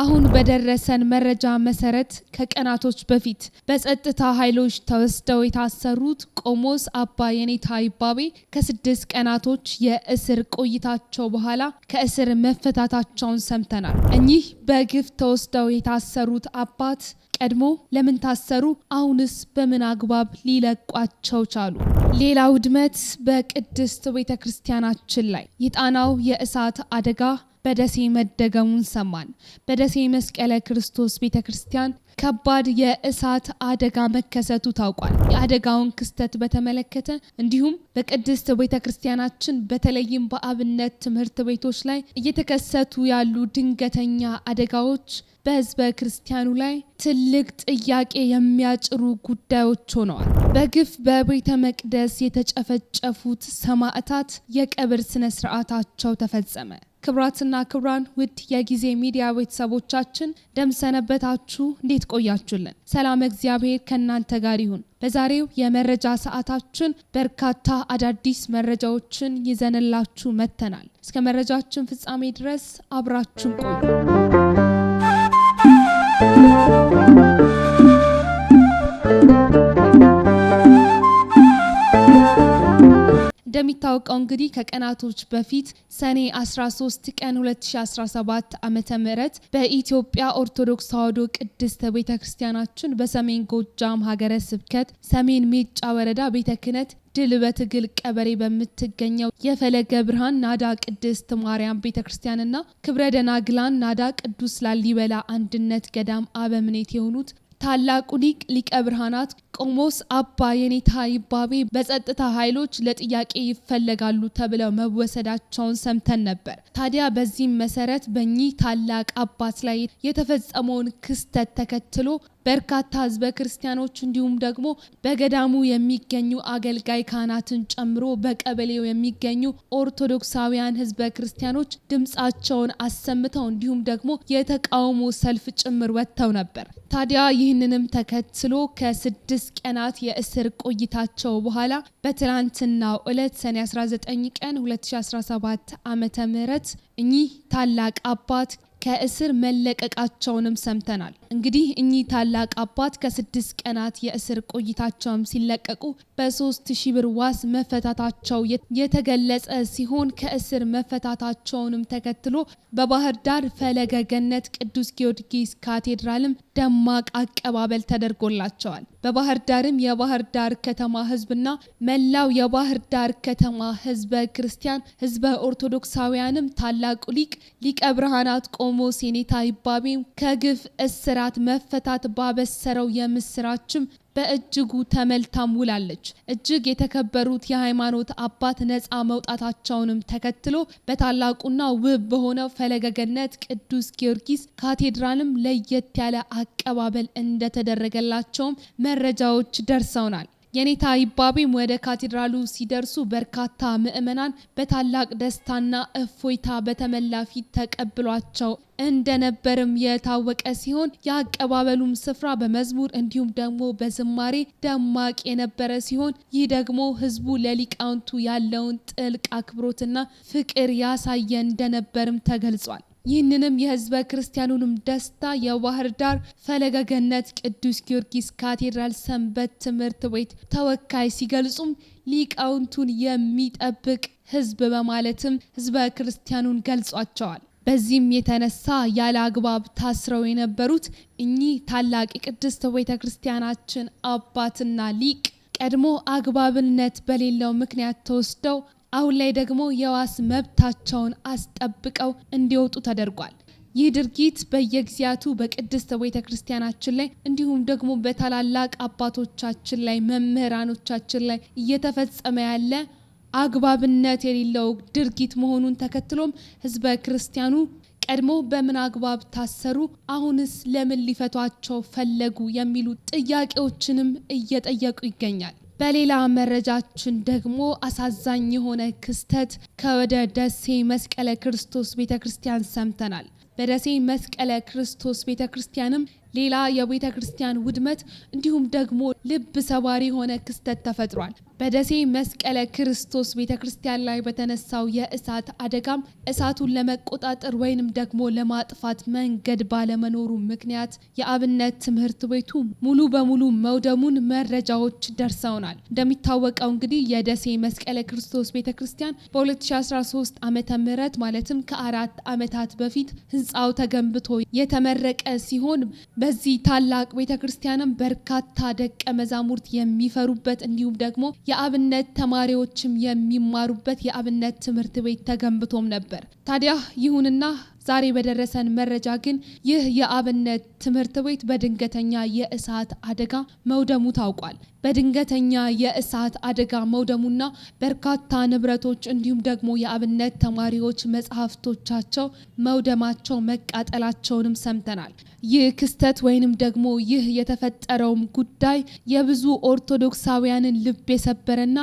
አሁን በደረሰን መረጃ መሰረት ከቀናቶች በፊት በጸጥታ ኃይሎች ተወስደው የታሰሩት ቆሞስ አባ የኔታ ይባቤ ከስድስት ቀናቶች የእስር ቆይታቸው በኋላ ከእስር መፈታታቸውን ሰምተናል። እኚህ በግፍ ተወስደው የታሰሩት አባት ቀድሞ ለምን ታሰሩ? አሁንስ በምን አግባብ ሊለቋቸው ቻሉ? ሌላ ውድመት በቅድስት ቤተ ክርስቲያናችን ላይ የጣናው የእሳት አደጋ በደሴ መደገሙን ሰማን። በደሴ መስቀለ ክርስቶስ ቤተ ክርስቲያን ከባድ የእሳት አደጋ መከሰቱ ታውቋል። የአደጋውን ክስተት በተመለከተ እንዲሁም በቅድስት ቤተ ክርስቲያናችን በተለይም በአብነት ትምህርት ቤቶች ላይ እየተከሰቱ ያሉ ድንገተኛ አደጋዎች በህዝበ ክርስቲያኑ ላይ ትልቅ ጥያቄ የሚያጭሩ ጉዳዮች ሆነዋል። በግፍ በቤተ መቅደስ የተጨፈጨፉት ሰማዕታት የቀብር ስነ ስርዓታቸው ተፈጸመ። ክብራትና ክብራን ውድ የጊዜ ሚዲያ ቤተሰቦቻችን ደምሰነበታችሁ፣ እንዴት ቆያችሁልን? ሰላም እግዚአብሔር ከእናንተ ጋር ይሁን። በዛሬው የመረጃ ሰዓታችን በርካታ አዳዲስ መረጃዎችን ይዘንላችሁ መጥተናል። እስከ መረጃችን ፍጻሜ ድረስ አብራችን ቆዩ። እንደሚታወቀው እንግዲህ ከቀናቶች በፊት ሰኔ 13 ቀን 2017 ዓ ም በኢትዮጵያ ኦርቶዶክስ ተዋህዶ ቅድስት ቤተ ክርስቲያናችን በሰሜን ጎጃም ሀገረ ስብከት ሰሜን ሜጫ ወረዳ ቤተ ክህነት ድል በትግል ቀበሌ በምትገኘው የፈለገ ብርሃን ናዳ ቅድስት ማርያም ቤተ ክርስቲያንና ክብረ ደናግላን ናዳ ቅዱስ ላሊበላ አንድነት ገዳም አበምኔት የሆኑት ታላቁ ሊቅ ሊቀ ብርሃናት ቆሞስ አባ የኔታ ይባቤ በጸጥታ ኃይሎች ለጥያቄ ይፈለጋሉ ተብለው መወሰዳቸውን ሰምተን ነበር። ታዲያ በዚህም መሰረት በእኚህ ታላቅ አባት ላይ የተፈጸመውን ክስተት ተከትሎ በርካታ ህዝበ ክርስቲያኖች እንዲሁም ደግሞ በገዳሙ የሚገኙ አገልጋይ ካህናትን ጨምሮ በቀበሌው የሚገኙ ኦርቶዶክሳውያን ህዝበ ክርስቲያኖች ድምፃቸውን አሰምተው እንዲሁም ደግሞ የተቃውሞ ሰልፍ ጭምር ወጥተው ነበር። ታዲያ ይህንንም ተከትሎ ከስድስት ከአምስት ቀናት የእስር ቆይታቸው በኋላ በትናንትናው ዕለት ሰኔ 19 ቀን 2017 ዓ ም እኚህ ታላቅ አባት ከእስር መለቀቃቸውንም ሰምተናል። እንግዲህ እኚህ ታላቅ አባት ከስድስት ቀናት የእስር ቆይታቸውም ሲለቀቁ በሶስት ሺህ ብር ዋስ መፈታታቸው የተገለጸ ሲሆን ከእስር መፈታታቸውንም ተከትሎ በባህር ዳር ፈለገ ገነት ቅዱስ ጊዮርጊስ ካቴድራልም ደማቅ አቀባበል ተደርጎላቸዋል። በባህር ዳርም የባህር ዳር ከተማ ህዝብና መላው የባህር ዳር ከተማ ህዝበ ክርስቲያን ህዝበ ኦርቶዶክሳውያንም ታላቁ ሊቅ ሊቀ ብርሃናት ቆሞ ሴኔታ ይባቤም ከግፍ እስራ እስራት መፈታት ባበሰረው የምስራችም በእጅጉ ተመልታም ውላለች። እጅግ የተከበሩት የሃይማኖት አባት ነጻ መውጣታቸውንም ተከትሎ በታላቁና ውብ በሆነው ፈለገገነት ቅዱስ ጊዮርጊስ ካቴድራልም ለየት ያለ አቀባበል እንደተደረገላቸውም መረጃዎች ደርሰውናል። የኔታ ይባቤም ወደ ካቴድራሉ ሲደርሱ በርካታ ምዕመናን በታላቅ ደስታና እፎይታ በተሞላ ፊት ተቀብሏቸው እንደነበርም የታወቀ ሲሆን የአቀባበሉም ስፍራ በመዝሙር እንዲሁም ደግሞ በዝማሬ ደማቅ የነበረ ሲሆን ይህ ደግሞ ሕዝቡ ለሊቃውንቱ ያለውን ጥልቅ አክብሮትና ፍቅር ያሳየ እንደነበርም ተገልጿል። ይህንንም የህዝበ ክርስቲያኑንም ደስታ የባህር ዳር ፈለገ ገነት ቅዱስ ጊዮርጊስ ካቴድራል ሰንበት ትምህርት ቤት ተወካይ ሲገልጹም ሊቃውንቱን የሚጠብቅ ህዝብ በማለትም ህዝበ ክርስቲያኑን ገልጿቸዋል። በዚህም የተነሳ ያለ አግባብ ታስረው የነበሩት እኚህ ታላቅ የቅድስት ቤተ ክርስቲያናችን አባትና ሊቅ ቀድሞ አግባብነት በሌለው ምክንያት ተወስደው አሁን ላይ ደግሞ የዋስ መብታቸውን አስጠብቀው እንዲወጡ ተደርጓል። ይህ ድርጊት በየጊዜያቱ በቅድስተ ቤተ ክርስቲያናችን ላይ እንዲሁም ደግሞ በታላላቅ አባቶቻችን ላይ መምህራኖቻችን ላይ እየተፈጸመ ያለ አግባብነት የሌለው ድርጊት መሆኑን ተከትሎም ህዝበ ክርስቲያኑ ቀድሞ በምን አግባብ ታሰሩ? አሁንስ ለምን ሊፈቷቸው ፈለጉ? የሚሉ ጥያቄዎችንም እየጠየቁ ይገኛል። በሌላ መረጃችን ደግሞ አሳዛኝ የሆነ ክስተት ከወደ ደሴ መስቀለ ክርስቶስ ቤተ ክርስቲያን ሰምተናል። በደሴ መስቀለ ክርስቶስ ቤተ ክርስቲያንም ሌላ የቤተ ክርስቲያን ውድመት እንዲሁም ደግሞ ልብ ሰባሪ የሆነ ክስተት ተፈጥሯል። በደሴ መስቀለ ክርስቶስ ቤተ ክርስቲያን ላይ በተነሳው የእሳት አደጋም እሳቱን ለመቆጣጠር ወይንም ደግሞ ለማጥፋት መንገድ ባለመኖሩ ምክንያት የአብነት ትምህርት ቤቱ ሙሉ በሙሉ መውደሙን መረጃዎች ደርሰውናል። እንደሚታወቀው እንግዲህ የደሴ መስቀለ ክርስቶስ ቤተ ክርስቲያን በ2013 ዓ ምህረት ማለትም ከአራት ዓመታት በፊት ህንፃው ተገንብቶ የተመረቀ ሲሆን በዚህ ታላቅ ቤተ ክርስቲያንም በርካታ ደቀ መዛሙርት የሚፈሩበት እንዲሁም ደግሞ የአብነት ተማሪዎችም የሚማሩበት የአብነት ትምህርት ቤት ተገንብቶም ነበር። ታዲያ ይሁንና ዛሬ በደረሰን መረጃ ግን ይህ የአብነት ትምህርት ቤት በድንገተኛ የእሳት አደጋ መውደሙ ታውቋል። በድንገተኛ የእሳት አደጋ መውደሙና በርካታ ንብረቶች እንዲሁም ደግሞ የአብነት ተማሪዎች መጽሐፍቶቻቸው መውደማቸው መቃጠላቸውንም ሰምተናል። ይህ ክስተት ወይንም ደግሞ ይህ የተፈጠረውም ጉዳይ የብዙ ኦርቶዶክሳውያንን ልብ የሰበረና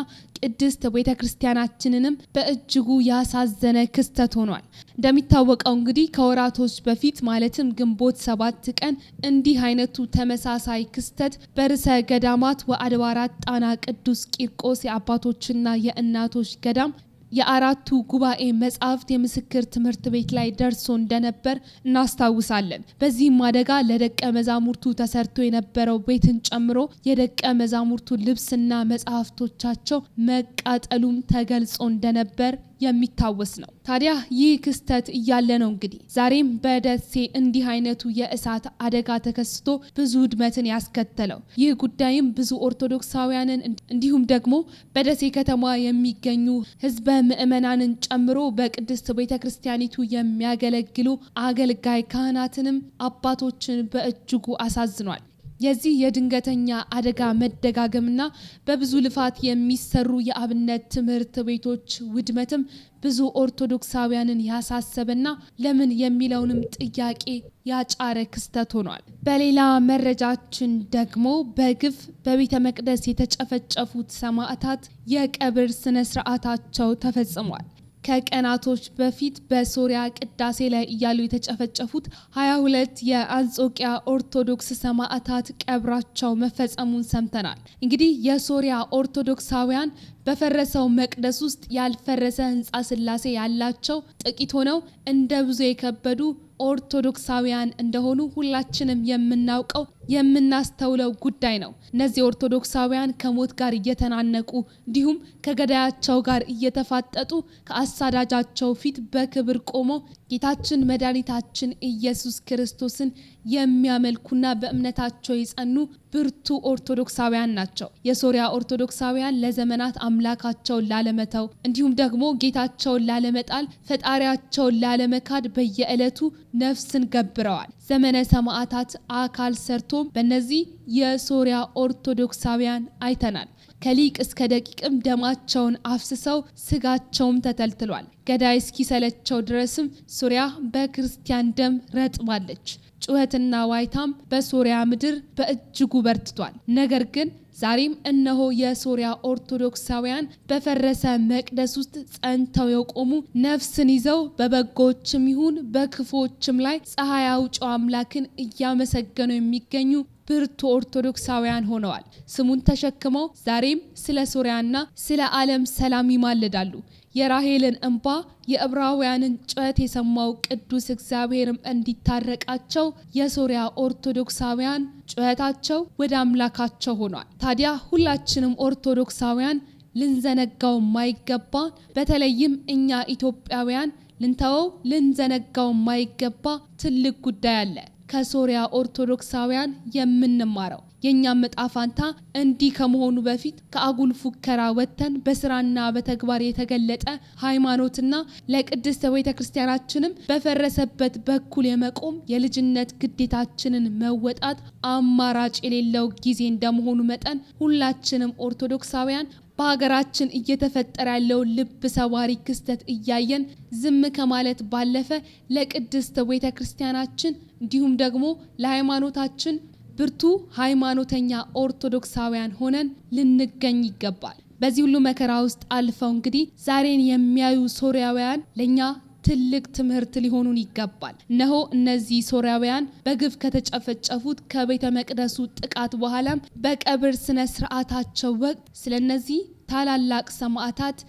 ቅድስት ቤተ ክርስቲያናችንንም በእጅጉ ያሳዘነ ክስተት ሆኗል። እንደሚታወቀው እንግዲህ ከወራቶች በፊት ማለትም ግንቦት ሰባት ቀን እንዲህ አይነቱ ተመሳሳይ ክስተት በርዕሰ ገዳማት ወአድባራት ጣና ቅዱስ ቂርቆስ የአባቶችና የእናቶች ገዳም የአራቱ ጉባኤ መጻሕፍት የምስክር ትምህርት ቤት ላይ ደርሶ እንደነበር እናስታውሳለን። በዚህም አደጋ ለደቀ መዛሙርቱ ተሰርቶ የነበረው ቤትን ጨምሮ የደቀ መዛሙርቱ ልብስና መጻሕፍቶቻቸው መቃጠሉም ተገልጾ እንደነበር የሚታወስ ነው። ታዲያ ይህ ክስተት እያለ ነው እንግዲህ ዛሬም በደሴ እንዲህ አይነቱ የእሳት አደጋ ተከስቶ ብዙ ውድመትን ያስከተለው። ይህ ጉዳይም ብዙ ኦርቶዶክሳውያንን እንዲሁም ደግሞ በደሴ ከተማ የሚገኙ ህዝበ ምእመናንን ጨምሮ በቅድስት ቤተ ክርስቲያኒቱ የሚያገለግሉ አገልጋይ ካህናትንም አባቶችን በእጅጉ አሳዝኗል። የዚህ የድንገተኛ አደጋ መደጋገምና በብዙ ልፋት የሚሰሩ የአብነት ትምህርት ቤቶች ውድመትም ብዙ ኦርቶዶክሳውያንን ያሳሰበና ለምን የሚለውንም ጥያቄ ያጫረ ክስተት ሆኗል። በሌላ መረጃችን ደግሞ በግፍ በቤተ መቅደስ የተጨፈጨፉት ሰማዕታት የቀብር ስነ ስርዓታቸው ተፈጽሟል። ከቀናቶች በፊት በሶሪያ ቅዳሴ ላይ እያሉ የተጨፈጨፉት ሀያ ሁለት የአንጾቂያ ኦርቶዶክስ ሰማዕታት ቀብራቸው መፈጸሙን ሰምተናል። እንግዲህ የሶሪያ ኦርቶዶክሳውያን በፈረሰው መቅደስ ውስጥ ያልፈረሰ ህንጻ ስላሴ ያላቸው ጥቂት ሆነው እንደ ብዙ የከበዱ ኦርቶዶክሳውያን እንደሆኑ ሁላችንም የምናውቀው የምናስተውለው ጉዳይ ነው። እነዚህ ኦርቶዶክሳውያን ከሞት ጋር እየተናነቁ እንዲሁም ከገዳያቸው ጋር እየተፋጠጡ ከአሳዳጃቸው ፊት በክብር ቆሞ ጌታችን መድኃኒታችን ኢየሱስ ክርስቶስን የሚያመልኩና በእምነታቸው የጸኑ ብርቱ ኦርቶዶክሳውያን ናቸው። የሶሪያ ኦርቶዶክሳውያን ለዘመናት አምላካቸውን ላለመተው እንዲሁም ደግሞ ጌታቸውን ላለመጣል፣ ፈጣሪያቸውን ላለመካድ በየዕለቱ ነፍስን ገብረዋል። ዘመነ ሰማዕታት አካል ሰርቶ መጥቶም በእነዚህ የሶሪያ ኦርቶዶክሳውያን አይተናል። ከሊቅ እስከ ደቂቅም ደማቸውን አፍስሰው ስጋቸውም ተተልትሏል። ገዳይ እስኪሰለቸው ድረስም ሶሪያ በክርስቲያን ደም ረጥባለች። ጩኸትና ዋይታም በሶሪያ ምድር በእጅጉ በርትቷል። ነገር ግን ዛሬም እነሆ የሶሪያ ኦርቶዶክሳውያን በፈረሰ መቅደስ ውስጥ ጸንተው የቆሙ ነፍስን ይዘው በበጎችም ይሁን በክፎችም ላይ ፀሐይ አውጪው አምላክን እያመሰገኑ የሚገኙ ብርቱ ኦርቶዶክሳውያን ሆነዋል። ስሙን ተሸክመው ዛሬም ስለ ሶሪያና ስለ ዓለም ሰላም ይማልዳሉ። የራሄልን እንባ የዕብራውያንን ጩኸት የሰማው ቅዱስ እግዚአብሔርም እንዲታረቃቸው የሶሪያ ኦርቶዶክሳውያን ጩኸታቸው ወደ አምላካቸው ሆኗል። ታዲያ ሁላችንም ኦርቶዶክሳውያን ልንዘነጋው ማይገባ በተለይም እኛ ኢትዮጵያውያን ልንተወው ልንዘነጋው ማይገባ ትልቅ ጉዳይ አለ። ከሶሪያ ኦርቶዶክሳውያን የምንማረው። የእኛም ዕጣ ፋንታ እንዲህ ከመሆኑ በፊት ከአጉል ፉከራ ወጥተን በስራና በተግባር የተገለጠ ሃይማኖትና ለቅድስተ ቤተ ክርስቲያናችንም በፈረሰበት በኩል የመቆም የልጅነት ግዴታችንን መወጣት አማራጭ የሌለው ጊዜ እንደመሆኑ መጠን ሁላችንም ኦርቶዶክሳውያን በሀገራችን እየተፈጠረ ያለውን ልብ ሰባሪ ክስተት እያየን ዝም ከማለት ባለፈ ለቅድስት ቤተ ክርስቲያናችን እንዲሁም ደግሞ ለሃይማኖታችን ብርቱ ሃይማኖተኛ ኦርቶዶክሳውያን ሆነን ልንገኝ ይገባል። በዚህ ሁሉ መከራ ውስጥ አልፈው እንግዲህ ዛሬን የሚያዩ ሶሪያውያን ለእኛ ትልቅ ትምህርት ሊሆኑን ይገባል። እነሆ እነዚህ ሶርያውያን በግፍ ከተጨፈጨፉት ከቤተ መቅደሱ ጥቃት በኋላም በቀብር ስነ ስርዓታቸው ወቅት ስለ እነዚህ ታላላቅ ሰማዕታት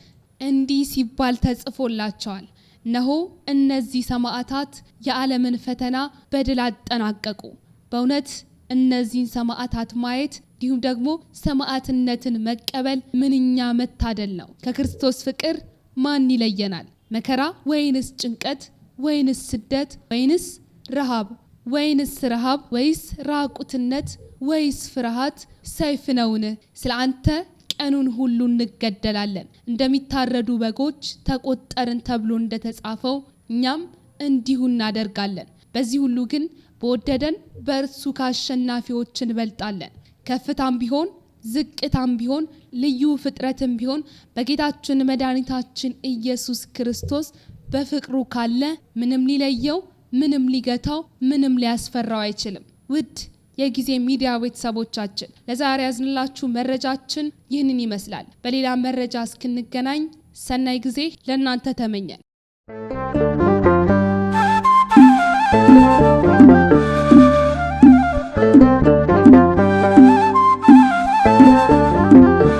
እንዲህ ሲባል ተጽፎላቸዋል። እነሆ እነዚህ ሰማዕታት የዓለምን ፈተና በድል አጠናቀቁ። በእውነት እነዚህን ሰማዕታት ማየት እንዲሁም ደግሞ ሰማዕትነትን መቀበል ምንኛ መታደል ነው! ከክርስቶስ ፍቅር ማን ይለየናል? መከራ ወይንስ ጭንቀት ወይንስ ስደት ወይንስ ረሃብ ወይንስ ረሃብ ወይስ ራቁትነት ወይስ ፍርሃት ሰይፍ ነውን? ስለ አንተ ቀኑን ሁሉ እንገደላለን፣ እንደሚታረዱ በጎች ተቆጠርን ተብሎ እንደተጻፈው እኛም እንዲሁ እናደርጋለን። በዚህ ሁሉ ግን በወደደን በእርሱ ከአሸናፊዎች እንበልጣለን። ከፍታም ቢሆን ዝቅታም ቢሆን ልዩ ፍጥረትም ቢሆን በጌታችን መድኃኒታችን ኢየሱስ ክርስቶስ በፍቅሩ ካለ ምንም ሊለየው፣ ምንም ሊገታው፣ ምንም ሊያስፈራው አይችልም። ውድ የጊዜ ሚዲያ ቤተሰቦቻችን ለዛሬ ያዝንላችሁ መረጃችን ይህንን ይመስላል። በሌላ መረጃ እስክንገናኝ ሰናይ ጊዜ ለእናንተ ተመኘን።